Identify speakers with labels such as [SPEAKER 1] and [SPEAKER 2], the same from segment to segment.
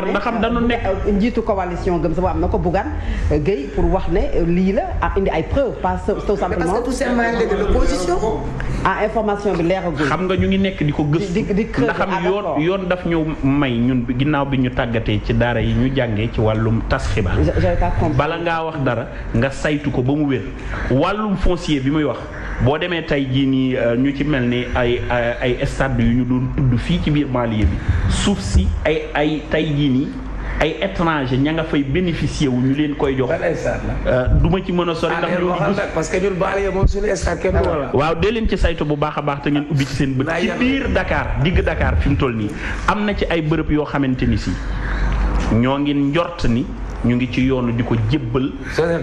[SPEAKER 1] xaar ndax xam dañu nekk. njiitu coalition gëm sa am na ko Bougane euh, Gueye pour wax ne euh, lii la ah, indi ay preuves pas tout simplement. parce que tout information bi
[SPEAKER 2] leeragul. xam nga ñu ngi nekk di ko gëstu. di di ah, yoon yoon daf ñu may ñun ginnaaw bi ñu tàggatee ci daara yi ñu jàngee ci wàllum tas xibaar. bala ngaa wax dara nga saytu ko ba mu wér wàllum foncier bi muy wax. boo demee tey jii nii euh, ñu ci mel ni ay ay stade yu ñu doon tudd fii ci biir banlieue bi suuf si ay ay tey jii ay étranger ña nga fay bénéficier wu ñu leen koy jox. Euh, du ma ci mën a sori. Ah, ndax ñoo
[SPEAKER 3] parce que ñun banlieue moom
[SPEAKER 2] waaw dee leen ci saytu bu baax a baax te ngeen ubbi ci seen bët. ci biir Dakar digg dakaar fi mu toll nii am na ci ay bërëb yoo xamante ni si ñoo ngi njort ni. ñu ngi ci yoonu di ko jébbal.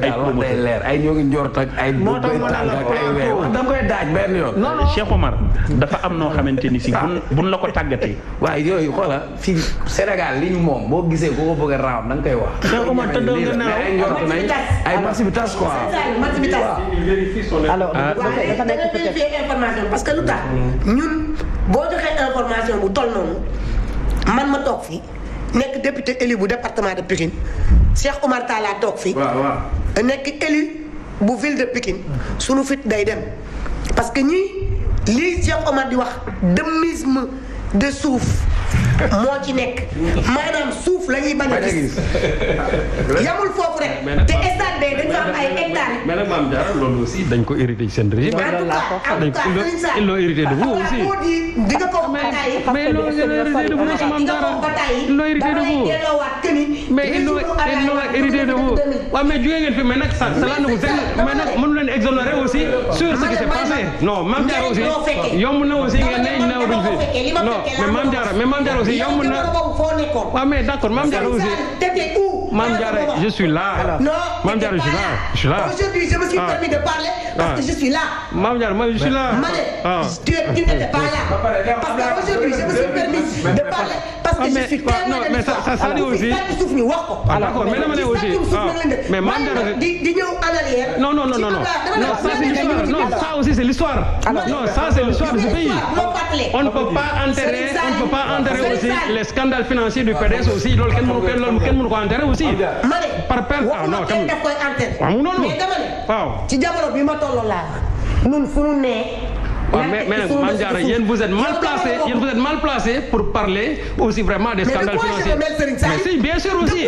[SPEAKER 2] ay promoteur day leer ay ñoo ngi ay. moo tax ko wax koy daaj benn yoon. non non dafa am noo xamante ni si. Ah. bun buñ la ko tàggatee. waaye yooyu xoola fii Sénégal li ñu
[SPEAKER 4] moom boo gisee ku ko bëgg a raam da koy wax. Cheikh Omar te doon nga ay njort nañ bi tas quoi.
[SPEAKER 5] match ah. parce que lu tax ñun boo joxee information bu toll noonu man ma toog fii. nekk député élu bu département de Pikine Cheikh Oumar Talla toog fii. nekk élu bu ville de Pikine sunu fit day dem parce que ñii lii Cheikh Oumar di wax demisme de suuf. moo ci nekk maanaam suuf la ñuy bañ a gis yamul foofu rek te stade bee dañ fa am ay hectares. mais nag maam Diarra loolu
[SPEAKER 4] aussi dañ ko hérité ci seen régime. en tout cas en tout cas Serigne Sarr il l'a hérité de vous aussi. di nga ko bataay. mais loolu il l'a hérité de vous aussi maam Diarra il l'a hérité de vous.
[SPEAKER 5] mais il l'a hérité de vous
[SPEAKER 4] waaw mais jógee ngeen fi mais nag ça ça ne vous mais nag mënu leen exonérer aussi euh, sur ce qui s'est passé non maam Diarra aussi yomb na aussi ngeen ne ñaaw duñ fi non mais maam Diarra mais maam Diarra bi yomb na
[SPEAKER 5] waaw
[SPEAKER 4] mais d' accord Mame Diarra aussi
[SPEAKER 5] Mame Diarra je
[SPEAKER 4] suis là. Mame Diarra je suis là je suis là. aujourd'hui je me suis permis
[SPEAKER 5] de parler parce que je suis là.
[SPEAKER 4] Mame Diarra moi je suis là. ma ne
[SPEAKER 5] tu n'étais pas
[SPEAKER 4] là parce que aujourd'hui je me suis permis de parler. parce que ah, je suis
[SPEAKER 3] tellement de suuf ñu wax ko. alors ah, mais dama ne aussi mais man di
[SPEAKER 5] di ñëw en arrière.
[SPEAKER 3] non non non non non ça c'est l'histoire non ça
[SPEAKER 4] aussi c'est l'histoire. non ça c'est l'histoire de ce pays. on ne peut pas enterrer on ne peut pas enterrer aussi les scandales financiers du PDS aussi loolu kenn mënu ko kenn mënu ko enterrer aussi. Ah, par perte ah non kenn
[SPEAKER 5] daf koy enterrer. waaw mu noonu waaw. ci jamono bi ma toll laa ñun fu ñu nee.
[SPEAKER 4] waaw mais mais nag Mame Diarra yéen vous êtes mal placé yéen vous êtes mal placé pour parler aussi vraiment des scandales mais si bien sûr aussi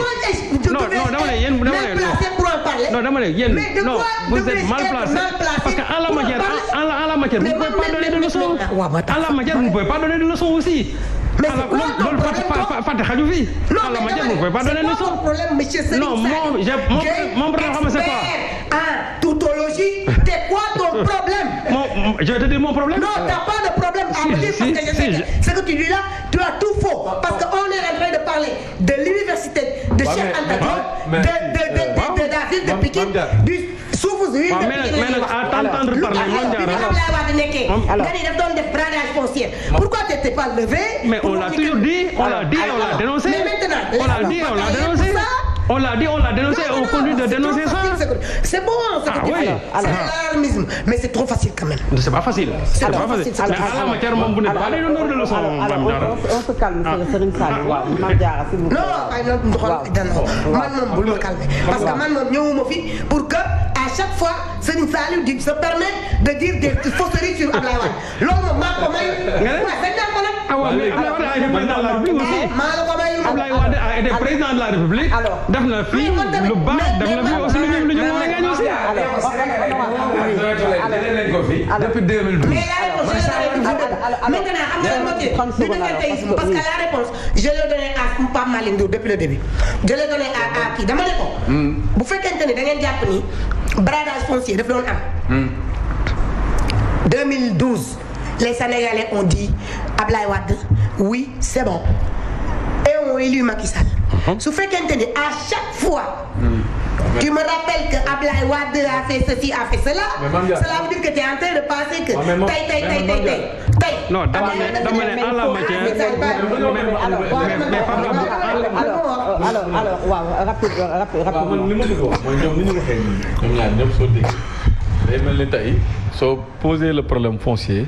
[SPEAKER 4] non non dama ne yéen dama ne non dama ne yéen non vous êtes mal placé parce que en la matière en la matière ne pouvez pas donner de leçon en la matière vous ne pouvez pas donner de leçon aussi. mais c'est quoi ton problème alors fàtte xaju fi. non mais dama pas donner leçon problème
[SPEAKER 5] monsieur Serigne Sall. non mon mon problème xam nga en tautologie c'est quoi Mon problème. Mon, je vais te dire mon problème. Non, tu n'as pas de problème à si, me dire si, parce que ce que tu dis là, tu as tout faux. Parce qu'on est en de parler de l'université de bah, Cheikh Anta de, de, de, de, la ville de Pékin, du suufu ville de Pékin. Mais à
[SPEAKER 4] Pourquoi tu n'étais pas levé Mais on l'a toujours dit, on l'a dénoncé. on l'a dénoncé. l'a dit, on l'a dénoncé, non, non, on continue de dénoncer ça.
[SPEAKER 5] C'est bon, c'est ah, oui. l'alarmisme, mais c'est trop facile quand même.
[SPEAKER 4] C'est pas facile. C'est pas facile. Mais en
[SPEAKER 5] la matière, vous n'êtes pas les donneurs
[SPEAKER 1] de leçons. On se calme, Serigne Sall. waaw Mame Diarra si vous. non
[SPEAKER 5] non man moom bul ma calmer parce que man moom ñëwuma fi pour que. à chaque fois Serigne Saliou di se permettre de dire des fausseries sur Ablaye Wade loolu moom maa ko
[SPEAKER 3] may. nga ne waaw dañ naan ko nag. waaw léegi maa la ko may. Ablaye Wade a été président de la République. alors def na fi lu baax def na fi aussi lu ñu lu ñu mën a gaañoo si. alors depuis 2012. maintenant
[SPEAKER 5] am na motif du dëgganteisme parce que la réponse je l'ai donné à Pape Malick Ndour depuis le début je l'ai donné à à kii dama ne ko hmm. bu fekkente ni da ngeen jàpp ni bradage foncier daf doon
[SPEAKER 6] am.
[SPEAKER 5] 2012 les Sénégalais ont dit Ablaye Wade oui c'est bon et ont élu Macky Sall. Mhm. su à chaque fois. Mm. Tu me rappelles que Ablaye Wade a fait ceci, a fait que tu es en que. Ah, tey tey tey tey tey
[SPEAKER 4] tey. non dama ne dama ne en la matière.
[SPEAKER 1] alors
[SPEAKER 7] alors alors waaw ah, soo déggee day mel ni tey soo poser le problème foncier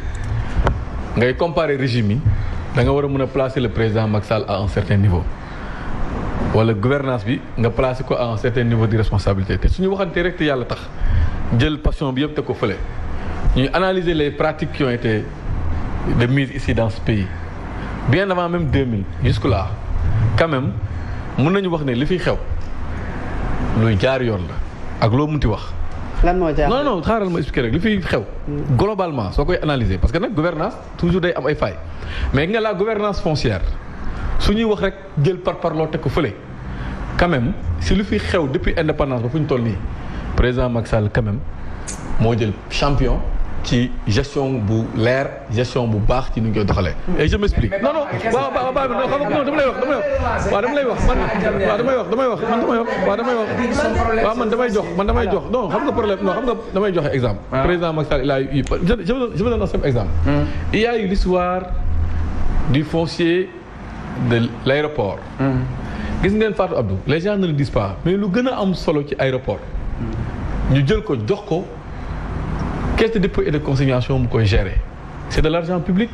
[SPEAKER 7] ngay comparer régime yi da nga war a mën a placer le président Macky Sall à un certain wala gouvernance bi nga placer ko en un certain niveau de responsabilité te ñu waxantee rek te yàlla tax jël passion bi yëpp te ko fële ñuy analyser les pratiques qui ont été de mise ici dans ce pays bien avant même 2000 jusque là quand même mën nañu wax ne li fiy xew luy jaar yoon la ak loo munti wax. lan moo jaar non non xaaral ma expliquer li fi xew. Mm. globalement soo koy analyser parce que nag gouvernance toujours day am ay failles mais nga la gouvernance foncière. su ñuy wax rek jël par parloo teg ko fële quand si lu fi xew depuis indépendance ba fu ñu toll nii président Macky Sall quand moo jël champion ci gestion bu leer gestion bu baax ci nu ñu koy doxalee. et je m'explique. non non waaw non lay wax dama lay wax waaw dama lay wax man waaw damay wax damay wax man damay wax damay wax man damay jox man damay jox non xam nga problème non xam nga damay joxe exemple. Ah. président Macky Sall il a eu je je vous hmm. a eu l'histoire du foncier. de l'aéroport gis ngeen Fatou Abdou les gens ne le pas mais lu gën a am solo ci aéroport ñu jël ko jox ko caisse de dépôt et de consignation mu koy gérer c'est de l'argent public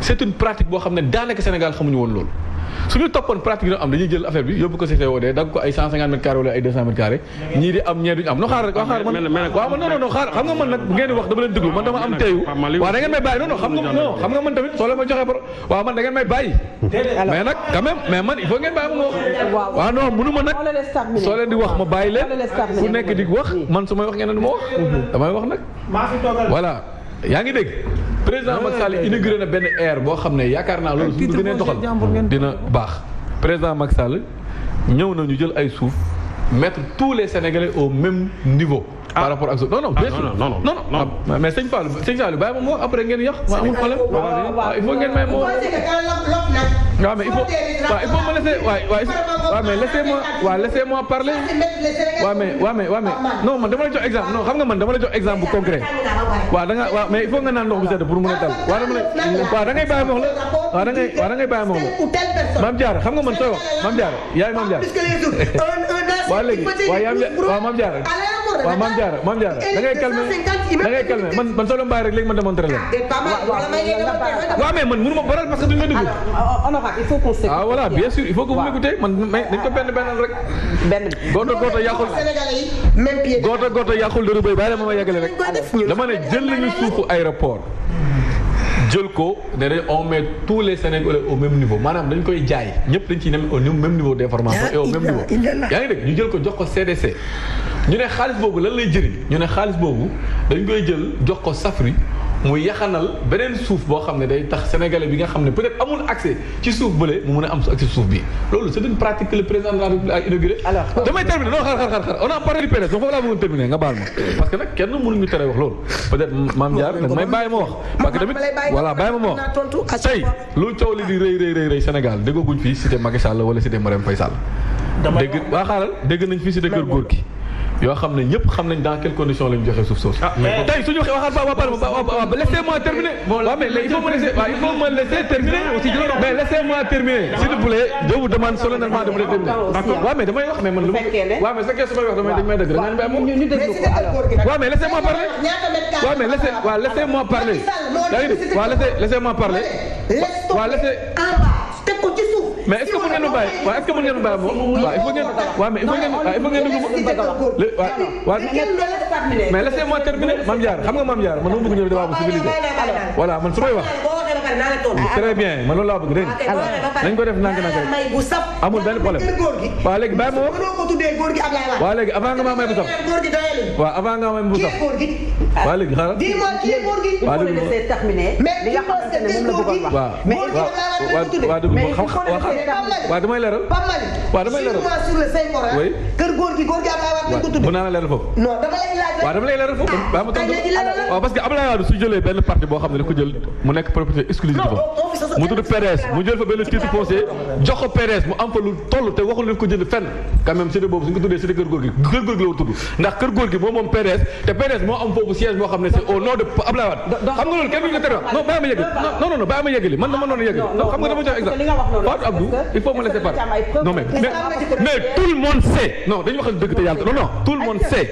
[SPEAKER 7] c'est une pratique boo xam ne daanaka Sénégal xamuñu woon loolu su ñu toppoon pratique yi am dañuy jël affaire bi yóbbu ko ci COD dagg ko ay 150 mètres carrés wala ay 200 mètres carrés ñii nga man nag bu wax dama leen déglu man dama am ma wax waaw ah, non mënu wax ma bàyyi leen ku nekk di wax man mhm. yaa ngi dégg président Macky Sall inauguré na benn air boo xam ne yaakaar naa loolu suñu gënee doxal dina baax président Macky Sall ñëw na ñu jël ay suuf mettre tous les sénégalais au même niveau. par rapport ak non non bien sûr non mais sëñ Fallou sëñ Fallou bàyyi ma moo après ngeen yàq. ma amul problème il faut ngeen may moo. waaw mais il faut waaw il faut ma laisser waay waay waaw mais moi parler waaw mais waaw mais non man dama la jox exemple non xam nga man dama la jox exemple bu concret waaw da nga waaw mais il faut nga naan ndox bu sedd pour mën a dal waaw dama la waaw da ngay bàyyi ma wax la waaw da ngay waaw la Mame Diarra xam nga man sooy wax Mame yaay Mame ah, Diarra
[SPEAKER 5] waaw léegi waaw
[SPEAKER 7] yaa waaw Mame waaw maam Diarra maam Diarra da a calmer da ngay calmer man man rek ma démontré leen.
[SPEAKER 5] Eh, waaw mais man mënu ma baral parce que duñ ma déglu.
[SPEAKER 7] alors euh, il faut qu'on s'écoute. ah voilà bien sûr il faut que vous m'écoutez man dañ ko benn bennal rek. benn góoto góoto yàqul góoto góoto yàqul dërëbëy bàyyi la ma ma yàggale rek. dama ne jël nañu suufu aéroport jël ko ne ne on met les Sénégalais au même niveau maanaam dañ koy jaay ñëpp dañ ciy nem au même niveau d' information et au même niveau yaa ngi dégg ñu jël ko jox ko CDC ñu ne xaalis boobu lan lay jëriñ ñu ne xaalis boobu dañ koy jël jox ko Safri mu yaxanal beneen suuf boo xam ne day tax sénégalais bi nga xam ne peut-être amul accès ci suuf bële mu mën a am accès suuf bi loolu c'est pratique que président a a parlé nga baal ma. parce que nag kenn mënuñu tere wax loolu peut-être maam nag may bàyyi ma wax. parce que tamit voilà bàyyi ma ma wax tey lu coow li di rëy rëy rëy rëy Sénégal déggooguñ fii cité Macky Sall wala cité Marème Faye Sall. dama dégg waa xaaral dégg nañ fii cité Kër Góor gi yoo xam ne ñëpp xam nañ dans quelles conditions lañ joxe suuf soosu. ah mais tey suñu waxaat ba ba ba laissez moi terminer. waaw mais il faut me laisser il faut me laisser terminer aussi mais laissez moi terminer s'il vous plaît je vous demande solennellement de me terminer. d'accord waaw mais damay wax mais man lu. waaw mais sa kee su may wax damay dañ may dëgg da ngeen moom. waaw mais laissez moi parler. waaw mais laissez waaw laissez moi parler. yaa ah, ngi dégg waaw laissez laissez moi parler. waaw
[SPEAKER 5] laissez. mais est-ce que mën ngeen a bàyyi waaw est-ce
[SPEAKER 7] que mën ngeen a bàyyi moom waaw il faut ngeen waaw mais il faut ngeen waaw il faut ngeen déglu ma waaw
[SPEAKER 5] mais laissez-moi terminer Mame
[SPEAKER 7] Diarra xam nga Mame Diarra man dama bëgg ñëw débat bu civilisé voilà man su may wax très bien man loolu laa bëgg dégg
[SPEAKER 5] nga nañ
[SPEAKER 7] ko def nank nank rek amul benn problème waaw léegi bàyyi ma wax waaw léegi avant nga maa may bu saf waaw avant nga may mbuutam kii gi. waa léegi xaaral kii gi. waa léegi
[SPEAKER 1] mais li nga xamante
[SPEAKER 5] ne moom la bëggoon wax.
[SPEAKER 7] mais waaw damay leeral. waaw damay leeral
[SPEAKER 5] sur le Saint Coran. oui kër góor gi góor gi Ablaye Wade lañ ko tudd.
[SPEAKER 7] mën naa la leeral foofu. non
[SPEAKER 5] dama lay laaj.
[SPEAKER 7] waaw dama lay leeral foofu. Ah, waaw parce que Ablaye Wade su jëlee benn parti boo xam ne da ko jël mu nekk propriété exclusive fa mu tudd PDS mu jël fa benn titre foncier jox ko PDS mu am fa lu toll te waxul daf ko jënd fenn quand même cité boobu su ñu ko tuddee cité kër góor gi kër góor gi la war tudd ndax kër góor gi moo moom PDS te PDS moo am foofu siège boo xam ne c'est o nom de Abdoulaye Wade xam nga loolu kenn duñ ko tere non bàyyi ma yeggali non non non bàyyi ma yeggali man dama noonu yeggali non xam nga dama jox exemple Abdou il faut me laisser parler non mais mais tout le monde sait non dañu waxal dëgg te yàlla non tout le monde sait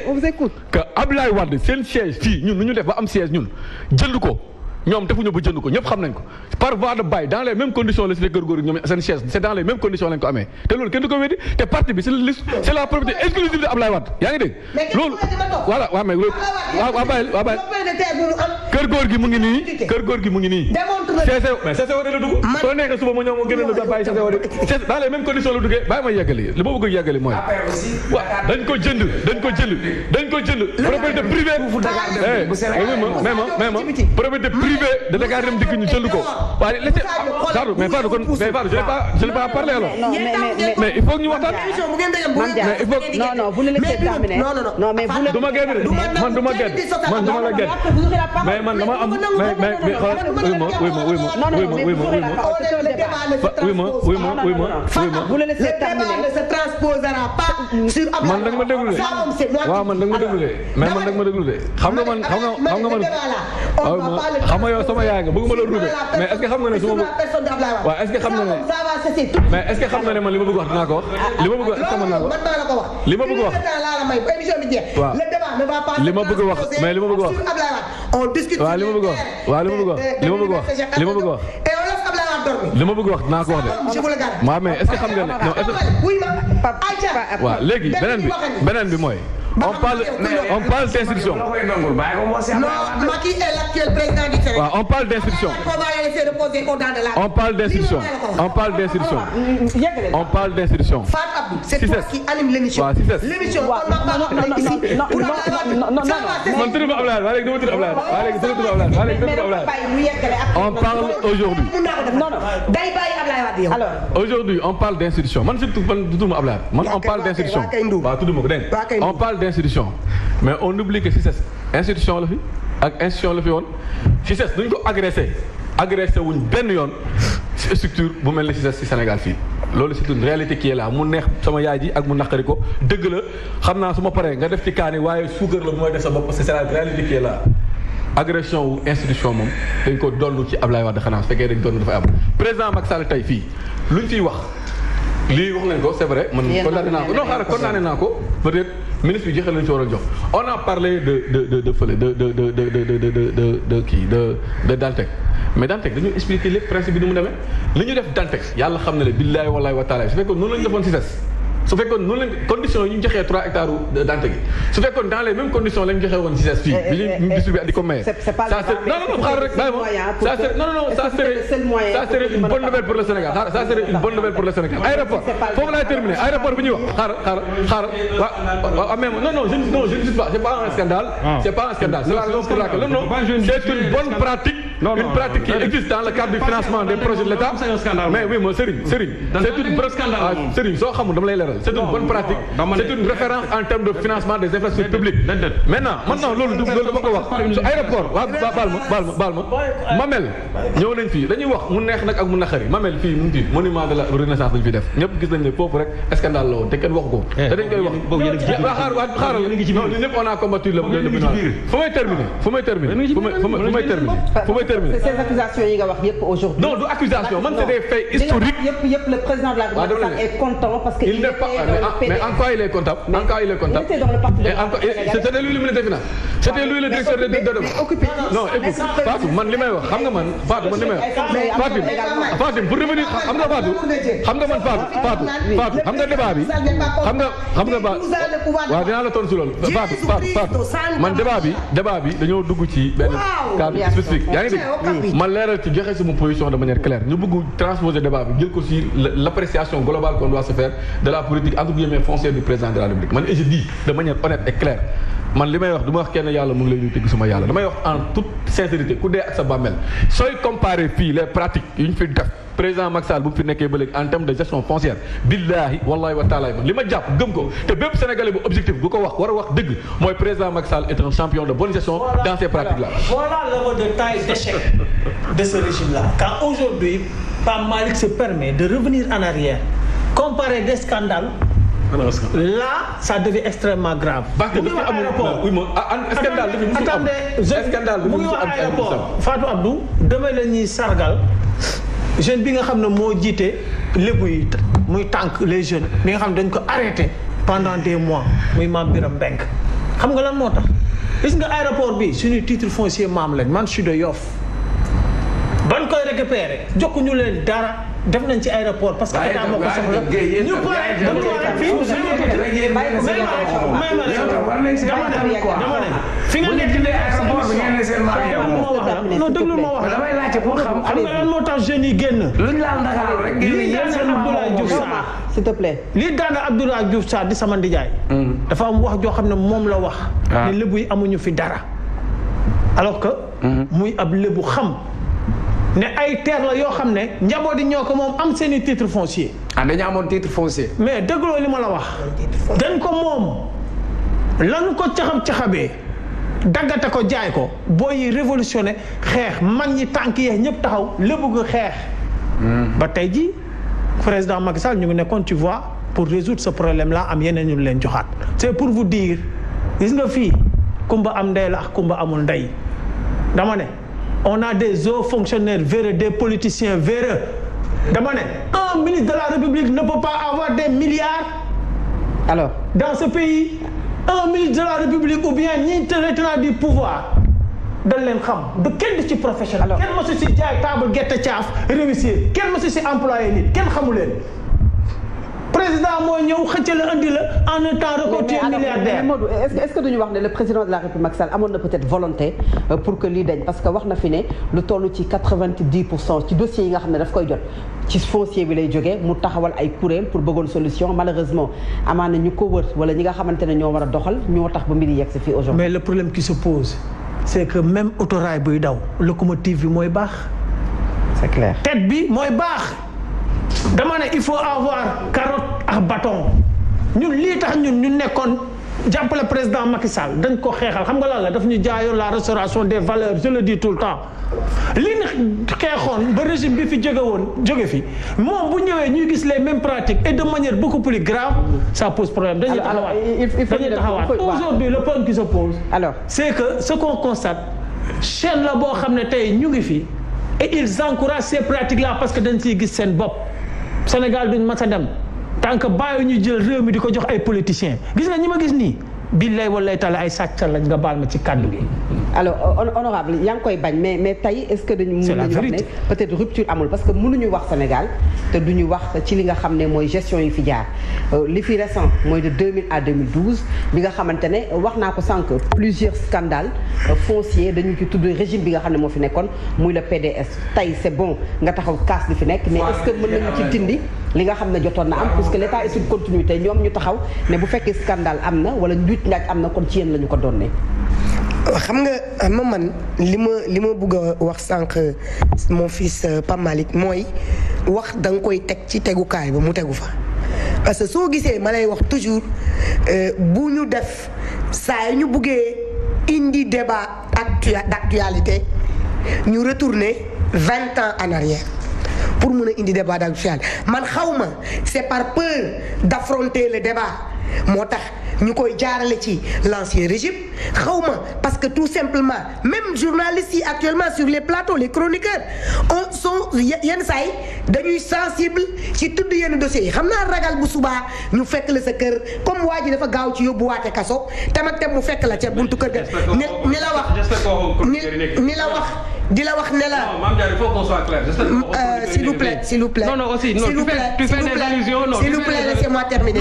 [SPEAKER 7] que Abdoulaye Wade seen siège fii ñun nu ñu def ba am siège ñun jënd ko ñoom defuñu ba jënd ko ñëpp xam nañ ko par voie de bail dans les mêmes conditions la cité te loolu kenn du ko weddi te parti bi c' est la la duggee bàyyi ma yàggale li ma bëgg a mooy. waaw dañ ko jënd dañ ko jënd dañ ko jënd propriété privée. privé de Dakar dem dikk ñu jënd ko. waaye la ca Sadou mais Sadou kon mais Sadou je n'ai pas je n'ai pas parlé alors. non mais mais mais il faut que ñu waxtaan. mais il faut non non vous ne laissez
[SPEAKER 5] terminer. non non
[SPEAKER 1] non mais
[SPEAKER 7] vous ne. du ma gedd de man du ma gedd man du ma la gedd mais man dama am mais mais mais xoolal wuy ma wuy ma wuy ma wuy ma wuy ma wuy ma wuy ma wuy ma vous ne laissez
[SPEAKER 5] terminer. le débat ne se transposera pas sur
[SPEAKER 7] man da nga ma déglu de waaw man da nga ma déglu de mais man da nga ma déglu de xam nga man xam nga xam nga man xam nga yow sama yaay nga bëgguma la ruube mais est-ce que xam nga ne su ma waaw est-ce que xam nga ne mais est-ce que xam nga ne man li ma bëgg wax dinaa ko wax li ma bëgg wax sama naa
[SPEAKER 5] ko li ma bëgg wax waaw li ma bëgg wax mais li ma bëgg wax waaw li ma bëgg wax
[SPEAKER 7] waaw li ma bëgg wax li ma bëgg wax li ma bëgg wax li ma bëgg wax dinaa ko wax de waaw mais est-ce que xam nga ne non est-ce
[SPEAKER 5] que waaw léegi beneen bi beneen bi mooy on parle on
[SPEAKER 7] parle d'instruction. non Macky
[SPEAKER 5] est l'actuel président du Sénégal. waaw
[SPEAKER 7] on parle d'instruction.
[SPEAKER 5] on parle d'instruction. on parle d'instruction. on
[SPEAKER 7] parle d'instruction. Fatou Abdou, c'est toi qui anime l'émission. waaw l'émission on n'en parle pas ici. non non
[SPEAKER 5] non man tudd ma
[SPEAKER 7] Ablaye waa léegi dama tudd Ablaye waa oh, léegi dama tudd Ablaye waa léegi dama tudd Ablaye.
[SPEAKER 5] on parle aujourd'hui. non non day bàyyi Ablaye Wade yow. alors
[SPEAKER 7] aujourd'hui on parle d'instruction man surtout man tudd ma Ablaye man on parle d'instruction. waaw tudd ma ko dégg on parle d'institution mais on oublie que CICES institution la fi ak institution la fi woon CICES duñ ko agressé agressé wuñ benn yoon ci structure bu mel ni CICES ci Sénégal fii loolu c'est une réalité qui est mu neex sama yaay ji ak mu naqari ko dëgg la xam naa su ma paree nga def ci kaani waaye suukar la bu may def sa bopp parce que c'est la réalité qui est là agression wu institution moom dañ ko dollu ci Ablaye Wade xanaa fekkee dañ doon dafay am président Macky Sall fii luñ ciy wax lii wax ko c'est vrai man condamné ministre bi joxe lañu ci war a jox on a parlé de de de de fële de de de de de de de de kii de de Dantec mais Dantec dañu expliqué lépp principe bi ni mu demee li ñu def Dantec yàlla xam na ne billaahi wallaahi wa taala su fekkoon noonu la ñu defoon si ses su fekkoon noonu lañ conditions yi ñu joxee 3 hectares dante gi su fekkoon dans les mêmes conditions lañ joxee woon CICES fii. Eh, eh, bi eh, ñuy distribué di ko maye. c'est pas non non non xaaral rek bàyyi ma non non non ça serait ça serait ah, une bonne nouvelle pour le Sénégal xaaral ça serait une bonne nouvelle pour le Sénégal. aéroport foofu laay terminé aéroport bu ñuy wax xaaral xaaral xaaral waaw waaw même non non je non je ne dis pas c'est pas un scandale. Ah. c'est pas un scandale c'est la raison pour laquelle non non c'est une bonne pratique. une pratique qui existe dans le cadre du financement des projets de l'État mais oui ma Serigne Serigne c'est une ah, bonne Serigne soo xamul dama lay leeral c' est une bonne pratique c' est une référence en termes de financement des infrastructures publiques maintenant maintenant loolu loolu dama ko wax su aéroport waaw baal ma baal ma baal ma mamel ñëw nañ fii dañuy wax mu neex nag ak mu naqari mamel fii mu ngi fii monument de la renaissance lañu fi def ñëpp gis nañ ne foofu rek scandale la woon te kenn waxu ko eh, te dañ koy wax waa xaar waa xaaral ñu ñëpp on a combattu le fu may terminer fu may terminer fu may terminer fu may terminer ces accusations yi nga wax yëpp aujourd'hui non du accusation man c'est des faits historiques yëpp yëpp le président de la République est content parce que mais, mais en quoi il est comptable En quoi il est comptable C'était lui le ministre des Finances. C'était lui le ah, directeur de de Non, écoute, Fatou, man li may wax, xam nga man, Fatou, man li may wax. Fatou, Fatou, pour revenir, xam nga Fatou, xam nga man Fatou, Fatou, Fatou, xam nga débat bi, xam nga xam nga ba waaw dinaa la tontu loolu. Fatou, Fatou, Fatou, man débat bi, débat bi dañoo dugg ci benn cadre Yaa ngi dégg mm. man leeral ci joxe sama position de manière claire. Ñu bëgg transposer débat bi, jël ko ci l'appréciation globale qu'on doit se faire de la politique entre guillemets foncière du président de la République de manière honnête et claire man li may wax du ma wax kenn yàlla mu ngi lay ñu tëgg sama yàlla damay wax en toute sincérité ku dee ak sa bàmmeel sooy comparer fii les pratiques yu ñu fi nekkee ba en terme de gestion foncière billahi wallahi wa taala li ma jàpp gëm ko te bépp sénégalais bu objectif bu ko wax war a wax dëgg mooy président Macky Sall un champion de bonne gestion dans
[SPEAKER 3] se permet comparer des scandales. Là, sa devient extrêmement grave. Ah, ah, mu ngi wax aéroport attendez je mu ngi wax aéroport Fatou Abdou demee la ñuy sargal jeune bi nga xam ne moo jiite lépp yi muy tànk les jeunes bi nga xam ne dañ ko arrêté pendant des mois muy maam Biram Mbengue xam nga lan moo tax gis nga aéroport bi suñu titre foncier maam lañ man je suis de Yoff ban koy récupérer jokkuñu leen dara def nañ ci aéroport parce que état moo ko soxla rek dama damay laajte pour xam yi génn luñ laal Dakar rek lii daana Abdoulaye Diouf Sarr di sama ndijaay hmm. dafa am wax joo xam ne moom la wax ah. ne lébu yi amuñu fi dara alors que hmm. muy ab lébu xam ne ay terre la yoo xam ne njaboot yi ñoo ko moom am seen i titre foncier. ah dañu amoon titre foncier. mais dégloo li ma la wax. dañ ko moom lan ko caxab caxabee daggate ko jaay ko booy yi révolutionné xeex mag ñi tànk yeex ñëpp taxaw la bëgg xeex. Hmm. ba tey ji président Macky Sall ñu ngi nekkoon tu vois pour résoudre ce problème laa am yeneen ñu leen joxaat. c'est pour vous dire gis nga fii kumba am ndey la ak kumba amul ndey dama ne. on a des hauts fonctionnaires véreux des politiciens véreux dama ne un ministre de la République ne peut pas avoir des milliards. alors dans ce pays un ministre de la République ou bien ñi tenant du pouvoir dañ leen xam de kenn ci professionnel. alors kenn mësu si table gerte caaf réussir kenn mësu si employé nit kenn xamu leen. président moo ñëw xëcc la andi en un record tu es milliardaire.
[SPEAKER 1] mais wax ne amoon na peut être volonté euh, pour que lii dañ parce que wax na fi ne lu toll ci quatre vingt dix pour cent ci dossiers yi nga xam ne daf koy jot ci foncier bi lay joge mu taxawal ay kuréel pour bëggoon solution malheureusement na ñu ko wër wala ñi nga xamante ne ñoo war a doxal ñoo tax ba mbir yi yegg si fii aujourd'hui mais
[SPEAKER 3] le problème qui se pose c' que même autorail buy daw locomotive bi mooy baax. c' est clair bi mooy baax. dama ne il faut avoir carotte ak bâton ñun lii tax ñun ñu nekkoon jàpp jàppale président Macky Sall dañ ko xeexal xam nga laal la daf ñu jaayoon la restauration des valeurs je le dis tout le temps li ñu xeexoon ba régime bi fi jóge woon jóge fi moom bu ñëwee ñuy gis les mêmes pratique et de manière beaucoup plus grave ça pose problème dañuy taxawaat dañuy taxawaat aujourd'hui la problème qui se pose alors c'est que ce qu'on constate chaîne la boo xam ne tey ñu ngi fi et ils encouragent ces pratiques parce que dañ ciy gis seen bopp Sénégal duñ mas a dem tant que bàyyi ñu jël réew mi di ko jox ay politiciens gis nga ñi ma gis nii. billaay wallaay taala ay sàcc lañ nga baal ma ci kàddu gi.
[SPEAKER 1] alors euh, honorable yaa ngi koy bañ mais mais tey est-ce que dañu mën nañu wax ne peut-être rupture amul parce que mënuñu wax Sénégal te duñu wax ci li nga xam ne mooy gestion yi fi jaar euh, li fi récent mooy de 2000 à 2012 bi nga xamante ne wax naa ko sànq plusieurs scandales euh, fonciers dañu ci tudd régime bi nga xam ne moo fi nekkoon muy le PDS tey c'est bon nga taxaw kaas li fi nekk mais est-ce que mën nañu ci dindi li nga xam ne jotoon na am parce que état est une continuité ñoom ñu taxaw ne bu fekkee scandale am na wala njuuj njaaj am na kon ci yéen la ñu ko doonee. xam nga ma man li ma li ma bëgg wax sànq mon fils
[SPEAKER 5] euh, Pape Malick mooy wax da nga koy teg ci tegukaay bi mu tegu fa. parce que soo gisee ma lay wax toujours euh, bu ñu def saa ñu buggee indi débat actu d' actualité ñu retourner vingt ans en arrière. pour mën a indi débat daal man xaw ma c'est par peur d'affronter le débat moo tax ñu koy jaarale ci l'ancien régime xaw ma parce que tout simplement même journalistes yi actuellement sur les plateaux les chroniqueurs on sont yenn saa yi dañuy sensible ci tudd yenn dossiers yi xam naa ragal bu subaa ñu fekk la sa kër comme waa ji dafa gaaw ci yóbbuwaate kaso te ak te mu fekk la ca buntu kër ga ni la wax ni la wax di la wax ne la. non Mame Diarra il faut qu'on soit clair. s'il vous plaît s'il vous plaît. s'il vous plaît laissez-moi terminer.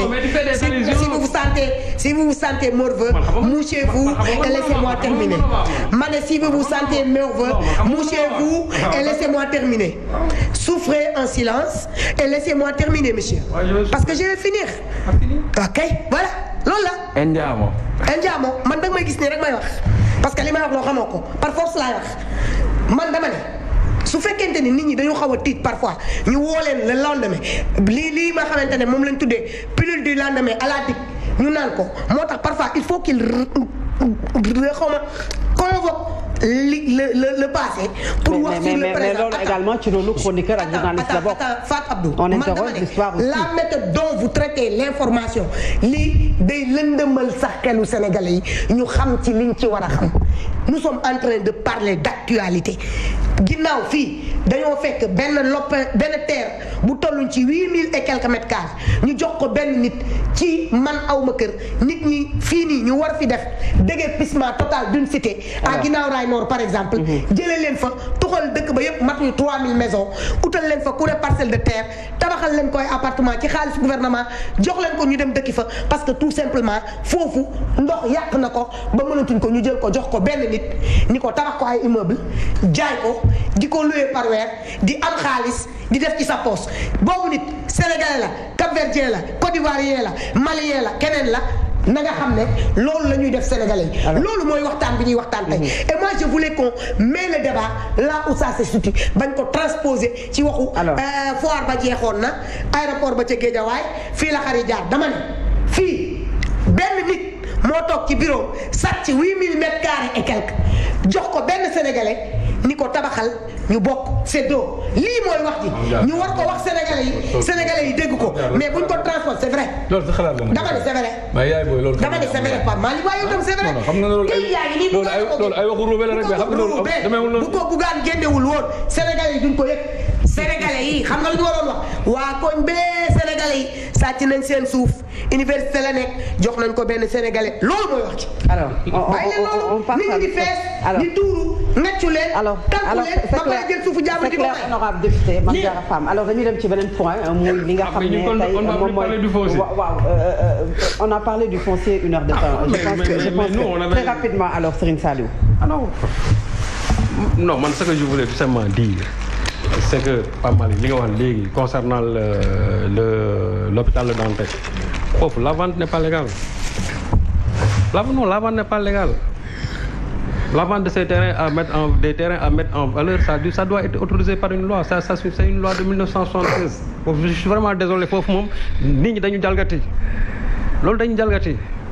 [SPEAKER 5] si vous vous sentez si mouchez-vous et laissez-moi terminer. souffrez en silence et laissez-moi terminer monsieur. parce que je vais finir. ok voilà loolu la. Ndiamo. Ndiamo man danga may gis nii rek may wax parce que li may wax loo xamoo ko par force laay wax. man dama ne su fekkente ni nit ñi dañu xaw a tiit parfois ñu woo leen le lendemain lii lii ma xamante ne moom lañ tuddee pilule du lendemain à la tique ñu naan ko moo tax parfois il faut qu'il xaw ma convoque li le le le passé. pour wax sur le présent mais ci loolu chroniqueur ak journaliste la bokk. Fat Abdou on interroge l'histoire aussi la méthode dont vous traitez l'information lii day lëndëmal sax xelu Sénégalais yi ñu xam ci liñ ci war a xam. nous sommes de parler d'actualité ginnaaw fii dañoo fekk benn lopp benn terre bu tolluñ ci huit mille et quelques mètres carrés ñu jox ko benn nit ci man awma kër nit ñi fii nii ñu war fi def déguerpissement total d'une cité à ginnaaw raay noor par exemple mhm. jëlee leen fa toxal dëkk ba yépp mat ñu trois mille maisons utal leen fa ku ne parcelle de terre tabaxal leen koy appartement ci xaalis gouvernement jox leen ko ñu dem dëkki fa parce que tout simplement foofu ndox yàq na ko ba mënatuñ ko ñu jël ko jox ko benn nit ni ko tabax ko ay immeuble jaay ko di ko loué par weer di am xaalis di def ci sa poos boobu nit sénégalais la cap-verdien la Côte d'Ivoirien la malien la keneen la na nga xam ne loolu la ñuy def sénégalais yi loolu mooy waxtaan bi ñuy waxtaan tey mhm. et moi je voulais qu'on met le débat là bañ ko transposer ci waxu euh, foire ba jeexoon na aéroport ba ca géjawaay fii la xari jaar dama ne fii moo toog ci bureau sàcc ko benn sénégalais ni ko tabaxal ñu bokk séddoo lii mooy wax ji ñu war ko wax sénégalais yi sénégalais yi dégg ko mais buñ ko transport c'est vrai
[SPEAKER 7] loolu sa xalaat la nag dama ne c'est vrai mais yaay booy loolu dama ne c'est vrai Pape
[SPEAKER 5] Malick waaye yow tam c'est vrai xam
[SPEAKER 7] nga loolu ay loolu ay loolu ay waxu ruube la rek nga loolu demeewul noonu bu ko bugaan génnewul woon sénégalais yi duñ ko
[SPEAKER 5] yi xam nga lu ñu wax eh sénégalais yi sàcc nañ seen suuf université la nekk jox nañ ko benn sénégalais loolu mooy wax ci.
[SPEAKER 1] alors bàyyi leen loolu nit ñi di fees di tuuru ngeccu leen. alors alors ba pare jël suufu jàmbur di ko xëy. honorable député Mame Diarra Fam alors dañuy dem ci beneen point euh, muy li nga xam ne tey euh, moom mooy waaw euh, on a parlé du foncier une heure de temps. Ah, je pense que je pense que très rapidement alors Serigne Saliou. alors ah,
[SPEAKER 4] non man ce que je voulais tout simplement dire. c'est que Pape Malick li nga wax léegi concernant le le l'hôpital Le Dantec foofu la ne n'est pas légale la non la vente n'est pas légale la vente de ces terrains à mettre en des terrains à mettre en valeur ça ça doit être autorisé par une loi ça ça c'est une loi de 1976 foofu je suis vraiment désolé foofu moom nit ñi dañu jalgati loolu dañu jalgati.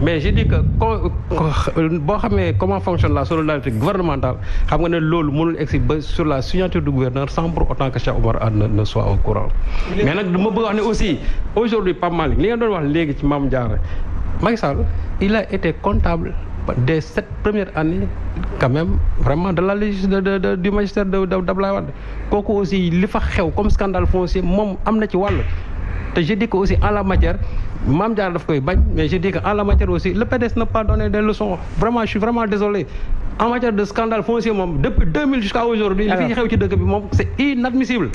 [SPEAKER 4] mais je dis que boo xamee comment fonctionne la solidarité gouvernementale xam nga ne loolu mënul egsi ba sur la signature du gouverneur sans pour autant que Cheikh Omar Anne ne soit au courant. mais nag dama bëgg wax ne aussi aujourd'hui Pape Malick li nga doon wax léegi ci Mame Diarra Macky Sall il a été comptable des sept premières années quand même vraiment de la législature du magistère de d'Abdoulaye Wade kooku aussi li fa xew comme scandale foncier moom am na ci wàll. te je dis que aussi en la matière Mame Diarra daf koy bañ mais je dis que en la matière aussi le PDS n'a pas des leçons vraiment je suis vraiment désolé en matière de scandale foncier moom depuis 2000 jusqu'à aujourd'hui li fi xew ci dëkk bi moom c'est inadmissible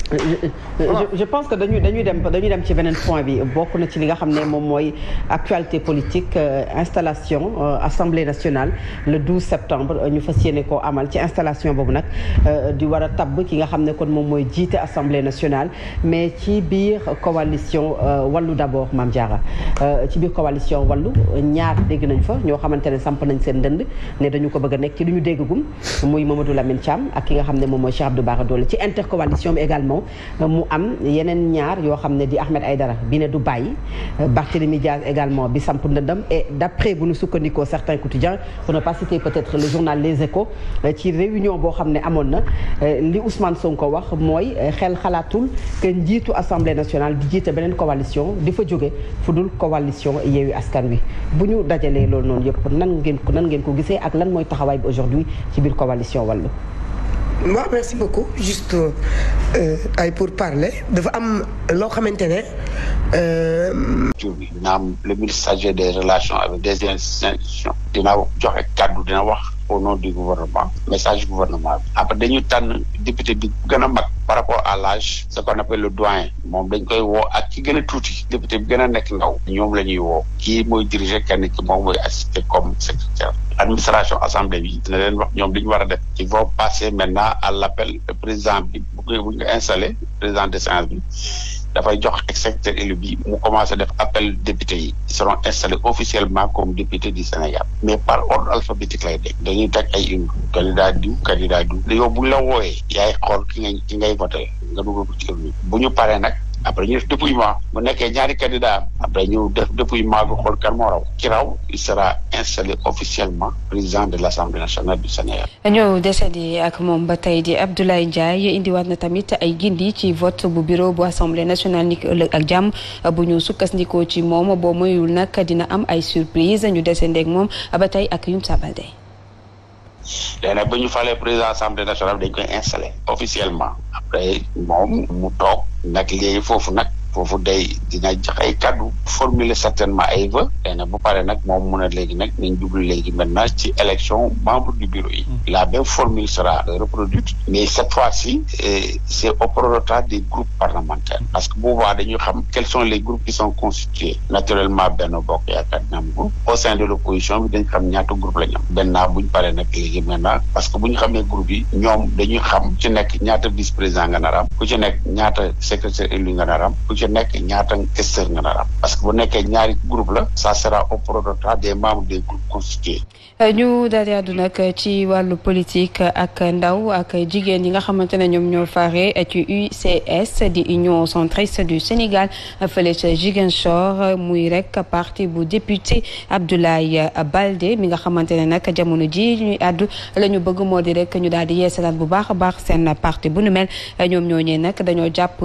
[SPEAKER 1] je pense que dañu dañuy dem dañuy dem ci beneen point bi bokk na ci li nga xam ne moom mooy actualité politique euh, installation euh, assemblée nationale le 12 septembre euh, ñu fas yéene koo amal ci installation boobu nag di war a tabb ki nga xam ne kon moom mooy jiite assemblée nationale mais ci biir coalition wallu d'abord maam Diarra ci biir coalition wallu ñaar dégg nañ fa ñoo xamante ne samp seen ndënd ñu déggagum muy Mamadou Lamine Thiam ak ki nga xam ne moom mooy Cheikh Abdou Bara Dolly ci intercoalition bi également mu am yeneen ñaar yoo xam ne di Ahmed Aïdara bi ne du bàyyi Barthélémy Diaz également bi samp ndëndam et d'après bu ñu sukkandikoo certains quotidiens pour ne pas citer peut-être le journal Les Échos ci réunion boo xam ne amoon na li Ousmane Sonko wax mooy xel xalaatul que njiitu Assemblée nationale di jiite beneen coalition di fa jóge fu dul coalition Yewwi Askan Wi bu ñu dajalee loolu noonu yëpp nan ngeen aujourd'hui ci biir coalition wàllu
[SPEAKER 5] waaw merci beaucoup juste euh, ay pour parler dafa am loo xamante ne.
[SPEAKER 2] tur euh, bi dina am le ministre chargé des relations avec des institutions dina joxe kàddu dina wax. o nom du gouvernement message gouvernement bi après dañu tànn député bi gën a mag par rapport à l'âge ce qu'on appelle le doyen moom dañ koy wo ak ki gën a tuuti député bi gën a nekk ndaw ñoom la ñuy woo kii mooy diriger kenn ki moom mooy assister comme secrétaire administration assemblée bi dina leen wax ñoom li ñu war a def ils vont passer maintenant à l'appel président bi installé président de séance bi dafay jox secteur élu mu commencé def appel député yi ils seront installés officiellement comme député di Sénégal mais par ordre alphabétique lay dégg dañuy teg ay indi candidat diw candidat diw yow bu la wooyee yaay xool ki ngay ki ngay voté nga dugal ko ci urne bu ñu paree nag après ñu def dépouillement mu nekkee ñaari candidat après ñu def dépouillement bi xool kan moo raw ki raw il sera installé officiellement président de l' nationale du
[SPEAKER 6] Sénégal. ñoo desandi ak moom ba tey di Abdoulaye Ndiaye indiwaat na tamit ay gindi ci vote bu bureau bu assemblée nationale ni ëllëg ak jàmm bu ñu sukkandikoo ci moom boo moyul nag dina am ay surprise ñu desandi moom ba tey ak Youm Sabalde.
[SPEAKER 2] léegi nag ba ñu falee président assemblée nationale dañ koy installé officiellement après moom mu toog nag léegi foofu nag foofu day dina jox ay kàddu formuler certainement ay vœux xëy na bu paree nag moom mun a léegi nag nañ jublu léegi maintenant ci élection membre du bureau yi mm. la même formule sera reproduite mais cette euh, c'est au prorata des groupes mm. parce que bu boobaa dañuy xam quels sont les groupes qui sont constitués naturellement Benno Bokk Yaakaar dina am groupe au sein de l'opposition bi dañ xam ñaata groupe la ñu buñ paree nag léegi maintenant parce que bu ñu xamee groupe yi ñoom dañuy xam ci nekk ñaata vice président nga nar am ku nekk ñaata secrétaire élu nga nar ci nekk ñaata questeur nga nar am parce que bu nekkee ñaari groupe la ça sera au prorata des membres des
[SPEAKER 6] euh, ñu daal di nag ci wàllu politique ak ndaw ak jigéen ñi nga xamante ne ñoom ñoo fare ci UCS di Union centriste du Sénégal fële ca Ziguinchor muy rek parti bu député Abdoulaye Baldé mi nga xamante ne nag jamono ji ñuy àddu la ñu bëgg moo di rek ñu daal di yeesalaat bu baax a baax seen parti bu nu mel ñoom ñooñee nag dañoo jàpp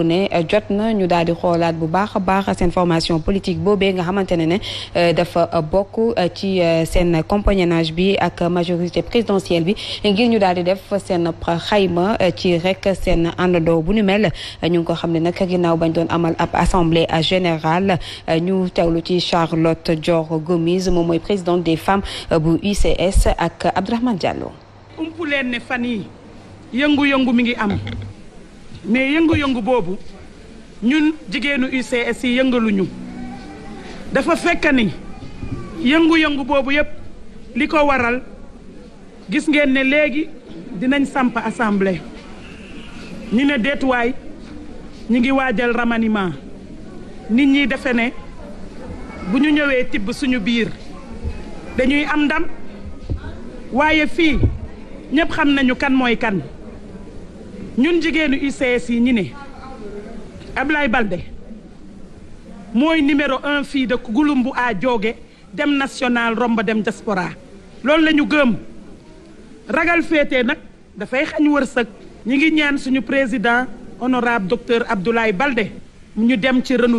[SPEAKER 6] xoolaat bu baax a baax seen formation politique boobee nga xamante ne ne euh, dafa euh, bokk euh, ci seen compagnonnage bi ak majorité présidentielle bi ngir ñu daal di def seen xayma ci rek seen àndandoo bu nu mel ñu ngi ko xam ne nag ginnaaw bañ doon amal ab assemblée général ñu teewlu ci Charlotte Dior gomise moom mooy présidente des femmes bu UCS ak Abdourahmane Diallo.
[SPEAKER 3] umpu leen ne fan yëngu-yëngu mi ngi am mais yëngu-yëngu boobu. ñun jigéenu UCS yi yëngaluñu dafa fekk ni yëngu-yëngu boobu yépp li ko waral gis ngeen ne léegi dinañ samp assemblée ñu ne deetuwaay ñi ngi waajal ramaniment nit ñi defe ne bu ñu ñëwee tibb suñu biir dañuy am ndam waaye fii ñépp xam nañu kan mooy kan ñun jigéenu UCS yi ñi ne ab Ablaye Balde mooy numéro un fii de Gouloumbou à Diogué dem national romb dem diaspora loolu la ñu gëm ragal féete nag dafay xañ wërsëg ñi ngi ñaan suñu président honorable docteur Abdoulaye Balde ñu dem ci renu